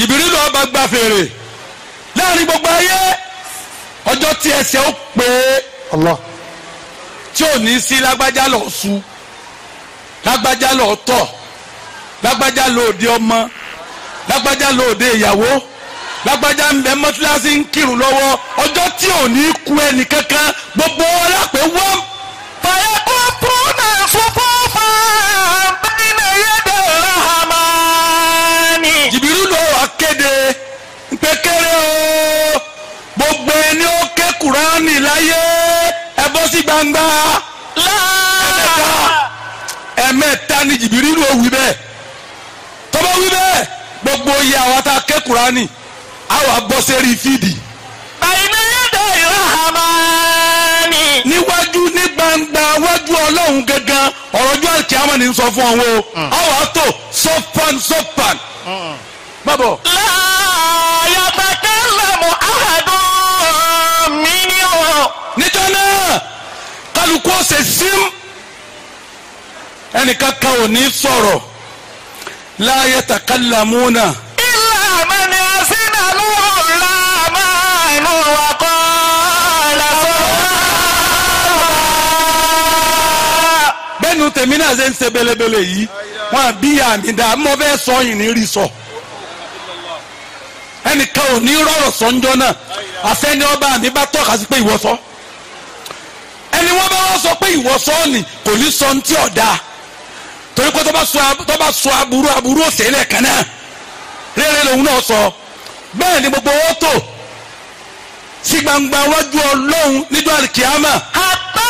jìbìrìlù ọba gba fèrè láàrin gbogbo ayé ti tí ẹsẹ̀ ó pé tí ò ní sí lágbájá lọ su lágbájá lọ tọ̀ lágbájá lóde ọmọ lágbájá lóde ìyàwó lágbájá ń bẹ mọ́tíláṣí ń kírun lọ́wọ́ ọjọ tí ò ní ku ẹnì kankan gbogbo ọlọ́pẹ́ wọ́n. sí gbangba ẹ̀mẹ́ta ẹ̀mẹ́ta ni jìbìrìlù ó wí bẹ́ẹ̀ tó wí bẹ́ẹ̀ gbogbo iye àwọn ata kẹ́kùrá ni àwọn abọ́ sẹ́rí fídì. àìmọ́ yàtọ̀ ìrọ̀hàmánì. níwájú ní gbangba wájú ọlọ́run gangan ọ̀rọ̀ ọjọ́ àti àwọn ènìyàn sọ fún ọ wo àwọn àtò mm. sọ́pàn sọ́pàn. Mm. bábọ̀. láà kálukú ọ̀sẹ̀ símú ẹnìkan kan ò ní sọ̀rọ̀ la yatakallamuna. illa man azina lahu rahmanu wa qala sọ́wọ́. bẹ́ẹ̀ni tèmi náà ṣe ń ṣe belebele yìí wọn àbí àmì dá mọ́ bẹ́ẹ̀ sọ yìí ní rí sọ. ẹnìkan ò ní rọrọ̀ sọ́njọ́ náà àfẹ́ni ọba àmì bá tọ́ka sí pé ìwọ sọ. So tó sọ pé ìwọ sọ́ọ̀nì kò ní sọ ní tí ọ̀dà torí pé tó bá sọ aburú aburú òsèlè kan náà rere lòun náà sọ bẹ́ẹ̀ ni gbogbo owó tó sí gbangba wájú ọlọ́run níjọ́ àlìkìyàmà. àpá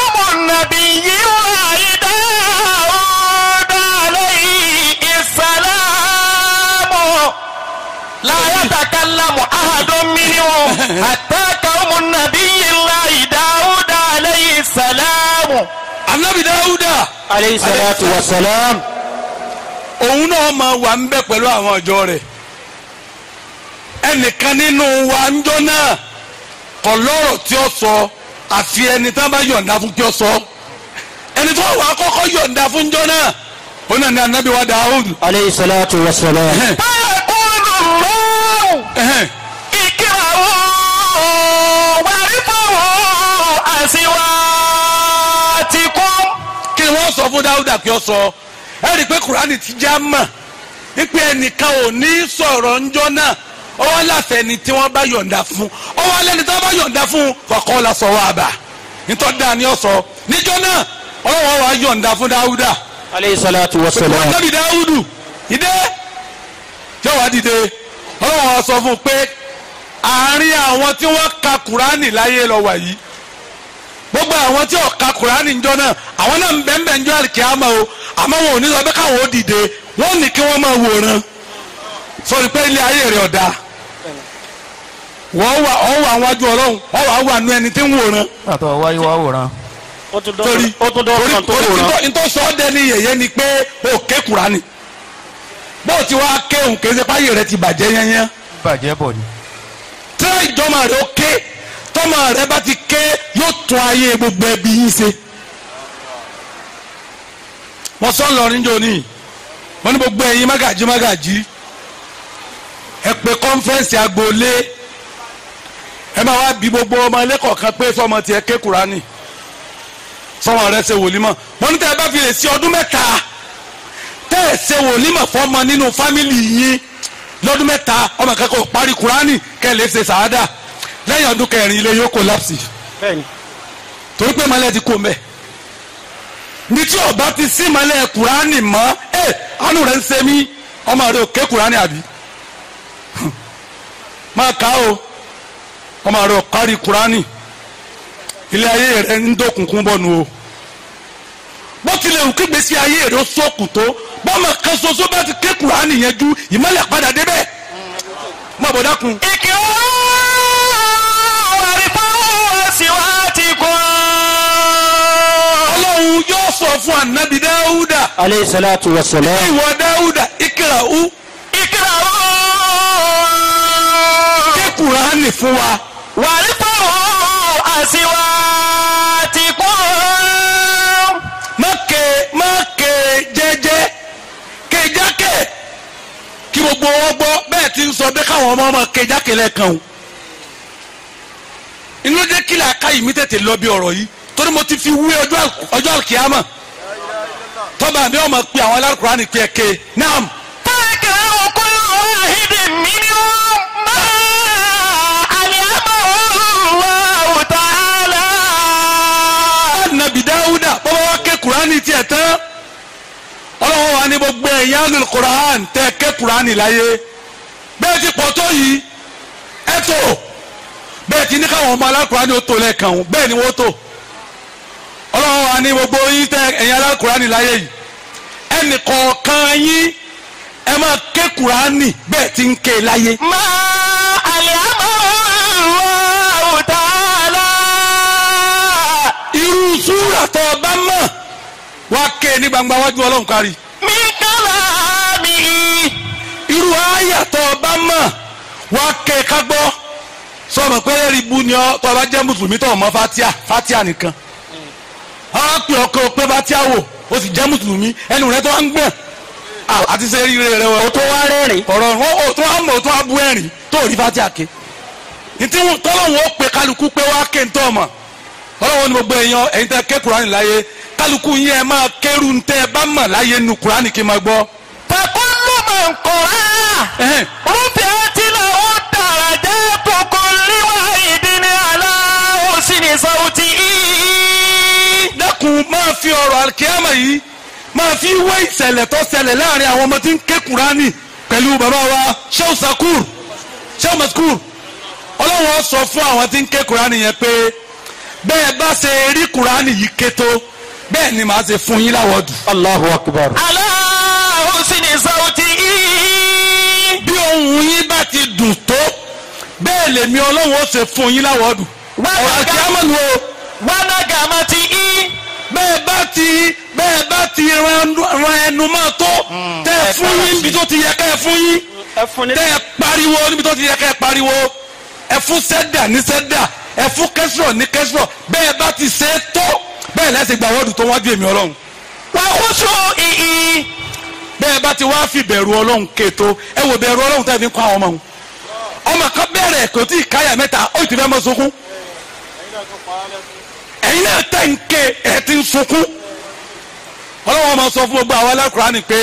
kọ́mọ̀ nàbí yìí wà ìdá ọ̀dàlẹ̀ ìsàlámù láyàtàkàlámù ahàdùn mílíọ̀nù àti. salamu. anabi dawuda. aleyhi salatu wa salam. òun náà máa wà ń bẹ pẹ̀lú àwọn ọjọ́ rẹ̀ ẹnìkan nínú wa ń jọ náà kọ lọ́rọ̀ tí ó sọ àfi ẹni tá a bá yọ̀ǹda fún kí ó sọ ẹni tó wà á kọ́kọ́ yọ̀ǹda fún jọ náà ó nà anabi wa dawud. aleyhi salatu wa salam. ẹ kó lò lọ́wọ́. ìkírà wo wàá rí fún wo àṣìwá sọ fún dáúdà kí ó sọ ẹ rí i pé kùránì ti já mà wípé ẹnìkan ò ní sọ̀rọ̀ ńjọ́ náà ọwọ́ láfẹ́ ni tí wọ́n bá yọ̀ǹda fún ọwọ́ lẹ́ni tí wọ́n bá yọ̀ǹda fún kọ̀ọ̀kan la sọ wá àbà nítorí dáa ni ó sọ níjọ́ náà ọlọ́wọ́ wa yọ̀ǹda fún dáúdà. aleyhi salatu wa salam. pẹ̀lú ọ̀nàbí dáúdù ìdè yóò wá wa sọ fún un pé àárín àwọn tí wọ́n gbogbo àwọn tí ọ̀ka kùránì jọ náà àwọn náà ń bẹ́ẹ̀ njọ́ àlìkíyàmá o àmọ́ wọn ò ní sọ káwọn ó dìde wọ́n ní kí wọ́n máa wòran sọ̀rọ̀ pé ilé ayé rẹ̀ ọ̀dà wọ́n wà ọ́ wà wájú ọlọ́run ọ́ wà wà nú ẹni tí ń wòran. àtọ̀ wáyé wá wòran. torí torí sọ ọ́ yẹ̀yẹ́ ni pé o tọ́mọ rẹ bá ti ké yóò tún ayé gbogbo ẹbí yín ṣe. mo sọ ńlọrin jọ ní mo ní gbogbo ẹ̀yin mágàjí mágàjí ẹ pé kọ́nfẹ́ǹsì agboolé ẹ máa wá bí gbogbo ọmọ ẹlẹ́kọ̀ọ́ kan pé sọmọ tiẹ̀ ké Kùránì sọmọ rẹ ṣe wòlímọ̀ mo ní tẹ́ ẹ bá fi lè ṣe ọdún mẹ́ta tẹ́ ẹ ṣe wòlímọ̀ fọmọ nínú fámìlì yín lọ́dún mẹ́ta ọmọ kẹ́kọ̀ọ́ parí Kùránì kẹ́ ẹ lè ṣe sàádà. lẹ́yìn ọdún kẹrin ilé yóò kólapsì torí pé malẹ̀ ti kó mbẹ́ ní tí ọba ti sí malẹ̀ kùránì mọ́ ẹ àánú rẹ ń ṣe mí ọmọ rẹ ò ké kùránì àbí máa ka o ọmọ rẹ ò kárí kùránì ilé ayé rẹ ń dókùnkùn bọ́nu o bó tilẹ̀ òkú gbèsè ayé rẹ ó tó bọ́mọ kan ṣoṣo bá ti ké yẹn ju ìmọ̀lẹ̀ padà débẹ̀ mọ̀ kun. sọ fún anabi dáúdà. aleyhi salatu wa salam. ìwọ dáúdà ikra u ikra u. ké kùránì fún wa. wàlí tó àṣìwà ti kọ́. mọ́kè mọ́kè jẹ́jẹ́ kéjákè kí gbogbo wọn gbọ́ bẹ́ẹ̀ ti ń sọ bẹ́ẹ̀ káwọn ọmọ ọmọ kéjákè lẹ́ẹ̀kan o. inú jẹ́ kí làákàyè mi tètè lọ bí ọ̀rọ̀ yìí torí mo ti fi wé ọjọ́ àkíyàmọ̀ tọ́ba mi ọmọ pé àwọn alárùkúrá ni pé ẹ ké naam. táàkì àwọn kó lọ́wọ́ àhídì mi ni wọ́n bá àlìyábọ̀wọ́ ta'ala. nàbì dáúdà bọ́bá wa ké kùránì tiẹ̀ tán ọlọ́wọ́ wa ní gbogbo ẹ̀yìn alul kùránì tẹ́ ké kùránì láyé bẹ́ẹ̀ ti pọ̀ tó yìí ẹ̀ tó bẹ́ẹ̀ ti ní káwọn ọmọ alárùkúrá ni ó tó lẹ́ẹ̀kan bẹ́ẹ̀ ni wọ́n tó wa ní gbogbo yín tẹ ẹ̀yin alákùránì láyé yìí ẹnì kọ̀ọ̀kan yín ẹ máa ké kùránì bẹ́ẹ̀ ti ń ké láyé. máa àlè àbọ̀wọ̀ tààlà. irú súrà tó bá mọ̀ wá ké ní gbangba wájú ọlọ́run kárí. mi kàlà mi. irú àyà tó bá mọ̀ wá ké ká gbọ́ sọ̀rọ̀ pé ẹ̀rí bu ni ọ tó o bá jẹ́ mùsùlùmí tó o mọ̀ fatia fatia nìkan. á pè ọkọ pé bá tí a wò sì jẹ́ mùsùlùmí ẹnu rẹ tó wá ń gbọ̀n àti rẹ wọ. o tó wá rẹ́rìn. ọ̀rọ̀ o tó wá mọ̀ o tó wá a ti ake tọ́lọ́wọ́ pé kálukú pé wá ké ntọ́ ọmọ ọlọ́wọ́ ni gbogbo èèyàn ẹ̀yin tẹ́ ké kúránì láyé kálukú yín ẹ máa ntẹ́ ẹ bá mọ̀ láyé nu kí n máa gbọ́. tẹ̀kọ́ máa fi ọ̀rọ̀ alikiyama yìí máa fi wé ìṣẹ̀lẹ̀ tó ṣẹlẹ̀ láàrin àwọn ọmọ tí ń ké Kùránì pẹ̀lú bàbá wa Sheikh Sakur Sheikh Maskur ọlọ́wọ́n sọ fún àwọn tí ń ké Kùránì yẹn pé bẹ́ẹ̀ bá ṣe rí Kùránì yìí ké tó bẹ́ẹ̀ ni màá ṣe fún yín láwọ̀dù. Allahu Akbar. aláwo sì ní sáwùtì yìí. bí ohun yín bá ti dùn tó bẹ́ẹ̀ lèmi ọlọ́wọ́n ṣe fún yín láwọ̀dù. wọ́n náà gàmọ́ ti bẹ́ẹ̀ bá ti bẹ́ẹ̀ bá ti ran ẹnu máa tó hmm. tẹ́ ẹ fún yín níbi tó ti yẹ ká ẹ fún yín tẹ́ ẹ pariwo níbi tó ti yẹ ká ẹ pariwo ẹ fún sẹ́dà ní sẹ́dà ẹ fún kẹ́sìrọ̀ ní kẹ́sìrọ̀ bẹ́ẹ̀ bá ti ṣe é tó bẹ́ẹ̀ lẹ́sìn gba wọ́ọ̀dù tó wájú èmi ọlọ́run. wà á kóso ìhìn. bẹ́ẹ̀ bá ti wá fi bẹ̀rù ọlọ́run kéto ẹ wò bẹ̀rù ọlọ́run tẹ́ fi kọ́ àwọn ọmọ wọn. ọmọ kan bẹ̀rẹ̀ kò tí ì káyà mẹ́ta ó ti fẹ́ mọ́ sunkún tẹ̀ ń ké ẹ̀ ti ń sunkún ọlọ́wọ́n máa sọ fún gbogbo àwọn alákùránì pé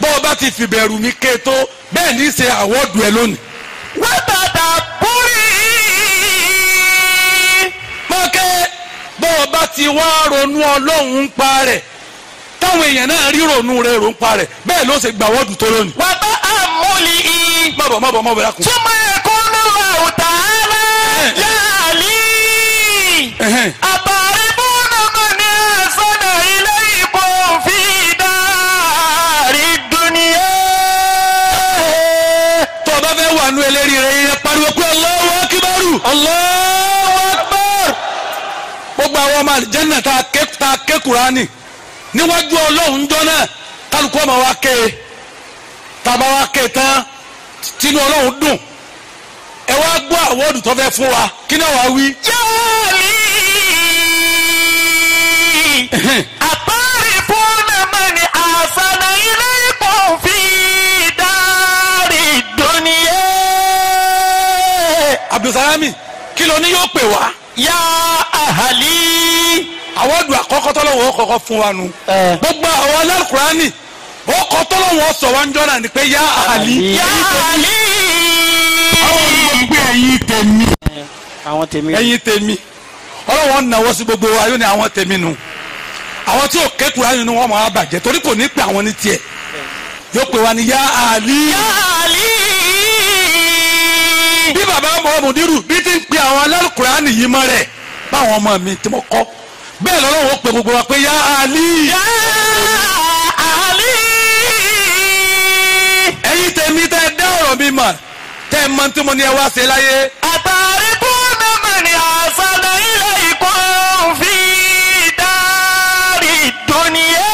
bọ́ ọ bá ti fìbẹ̀rù mi ké tó bẹ́ẹ̀ ní í ṣe àwọ́dù ẹ lónìí. wọ́n bàtà kúrì. mọ́kẹ́ bọ́ ọ bá ti wá ronú ọlọ́run ń pa rẹ̀ táwọn èèyàn náà rí ronú rẹ̀ rò ń pa rẹ̀ bẹ́ẹ̀ ló ṣe gbà tó lónìí. wà á bá àmúlì i. má bọ̀ má bọ̀ má bọ̀ ẹ̀kọ́ ló wà òtá rẹ̀ yáàlì. eléri rẹ̀ yẹn pariwo pé Allahu Akbaru Allahu Akbar gbogbo àwọn ọmọ àlìjẹ́nà tá a ké Kùránì níwájú ọlọ́run jọ náà kálukú ọmọ wa ké e tàbá wa ké e tán tinú ọlọ́run dùn ẹ wá gbọ́ àwọ́dù tó fẹ́ fún wa kí náà wá wí. yẹ́wọ́ mi àtàrí fún mi ni àṣà fi. abdulsalami kí ló ní yóò pè wá. yá ahali. àwọn ọdún àkọ́kọ́ tọ́lọ́wọ́ kọ́kọ́ fún wa nu. gbogbo àwọn alákùránì ó kọ́ tọ́lọ́wọ́ sọ wá ń jọ́nà ni pé yá ahali. yá ahali. àwọn olùgbé ẹ̀yin tèmi. àwọn tèmi. ẹ̀yin tèmi ọlọ́wọ́ ń nawọ́ sí gbogbo ayé ni àwọn tèmi nu àwọn tí ò kékùrá nínú wọn máa bàjẹ́ torí kò ní pè àwọn ní tiẹ̀ yóò pè wá ní yá ahali. yá ahali bí bàbá ọmọ mùdírù bí ti ń pe àwọn alárùkùránì yìí mọ́ rẹ̀ báwọn ọmọ mi tí mo kọ́ bẹ́ẹ̀ lọ́wọ́ pe gbogbo wa pé yá àlì. yá àlì. ẹ̀yin tèmi tẹ dá ọ̀rọ̀ mi mọ̀ tẹ mọ tí mo ní ẹ wá ṣe láyé. àtàrí kú mẹ́mọ̀ ni àṣàdá ilé ìkọ́ fi dárì dùnìyẹ.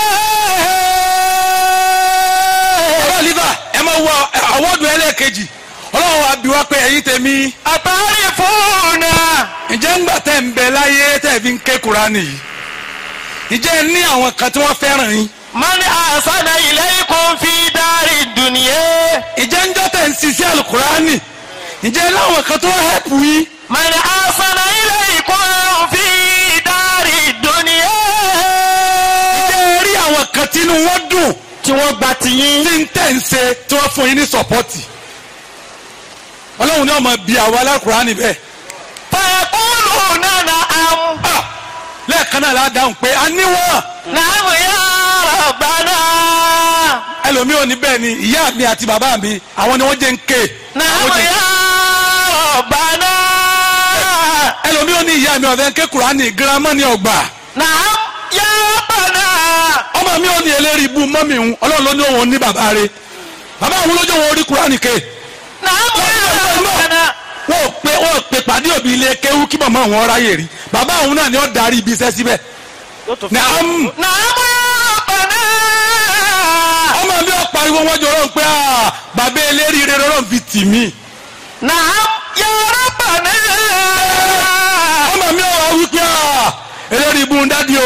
ọ̀rọ̀ ẹ máa wọ àwọ̀dù ẹlẹ́ẹ̀kejì wa bí wá pé ẹ̀yin tèmi. àtàrí fóònù. ǹjẹ́ ńgbà tẹ́ ń bẹ láyé tẹ́ fi ń ké Kùránì yìí. ǹjẹ́ ní àwọn kan tí wọ́n fẹ́ràn yín. mani asana ilaykum fi dari dunya. ǹjẹ́ ńjọ́ tẹ́ ń ṣiṣẹ́ alukurani. ǹjẹ́ láwọn kan tó hẹ́pù yín. mani asana ilaykum fi dari dunya. ǹjẹ́ rí àwọn kan tí inú wọn dùn. tí wọ́n gba tiyín. tí ń tẹ̀ ń ṣe tí wọ́n fún yín ní sọ́pọ́tì. ọlọ́run ní ọmọ bíi àwọn alákùránì bẹ́ẹ̀. fàkúlù náà oh, na àmú. Um. Ah, lẹ́ẹ̀kan náà ládàáhùn pé a níwọ̀n. làwọn yà ọ̀gbà náà. ẹlòmíì ò ni ìyá mi àti bàbá mi àwọn ni wọ́n jẹ́ ń ké. náà. Uh, ní mi ọ̀fẹ́ ń ké kùránì girama ní ọgbà. ọmọ mi ò ní eléri ibú ń ọlọ́run ní òun ní bàbá rẹ̀ bàbá òun lójú òun orí kùránì ké. wọ́n pe wọ́n pe pàdé òbí ilé kéwú kí màmá rí bàbá òun náà ni ọ darí ibi iṣẹ́ síbẹ̀. nàámù. nàámù ọ̀nà. ọmọ mi wọn jọ pé ah, bàbá eléríire fi tì mí. bàbá. ọmọ mi ò wípé ah, eléri ibú ń dádì o.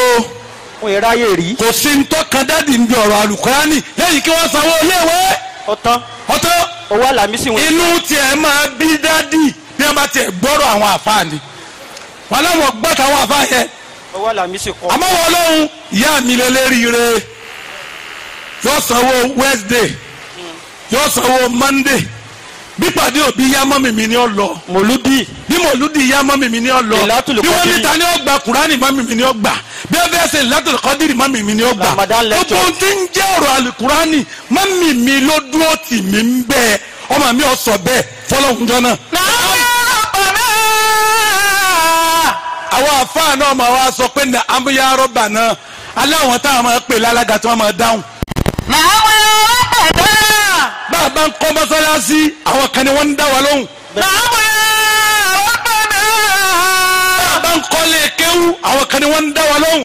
yẹ rí. kò sí tọ́ka dádì ń bí ọ̀rọ̀ àlùkò lẹ́yìn kí wọ́n owó alamisi wọn. inú tiẹ̀ máa bí dádì bí wọ́n bá tiẹ̀ gbọ́rọ̀ àwọn àfáà wọn láwọn gbọ́ táwọn àfáà yẹn. owó alamisi kọ. àmọ́ wọn lóhun ìyá mi lè lérí yóò sanwó Wednesday hmm. yóò sanwó Monday bípàdé òbí yá mọ́mì mi ni ó lọ. mòlúdì. bí mòlúdì yá mọ́mì mi ni ó lọ. ìlàtúlù kọ́dírì. bí wọ́n níta ni ó gba kùránì mọ́mì mi ni ó gbà. bí wọ́n fẹ́ ṣe ìlàtúlù kọ́dírì mọ́mì mi ni ó gbà. ramadan lecture. gbogbo tí ń jẹ́ ọ̀rọ̀ alukurani mọ́mì mi ló dúró tì mí ń bẹ́ẹ̀ ọmọ mi ò sọ bẹ́ẹ̀ fọlọ́kùnjọ́ náà. náà máa wá sọ pé ní amúyárọ́bà náà bá ń kọ́ mọ́sálásí àwọn kan ni wọ́n ń dá wa lóhùn. nàámọ̀ yẹn àwọn kan náà. bá a bá ń kọ́ lé kéwú àwọn kan ni wọ́n ń dá wa lóhùn.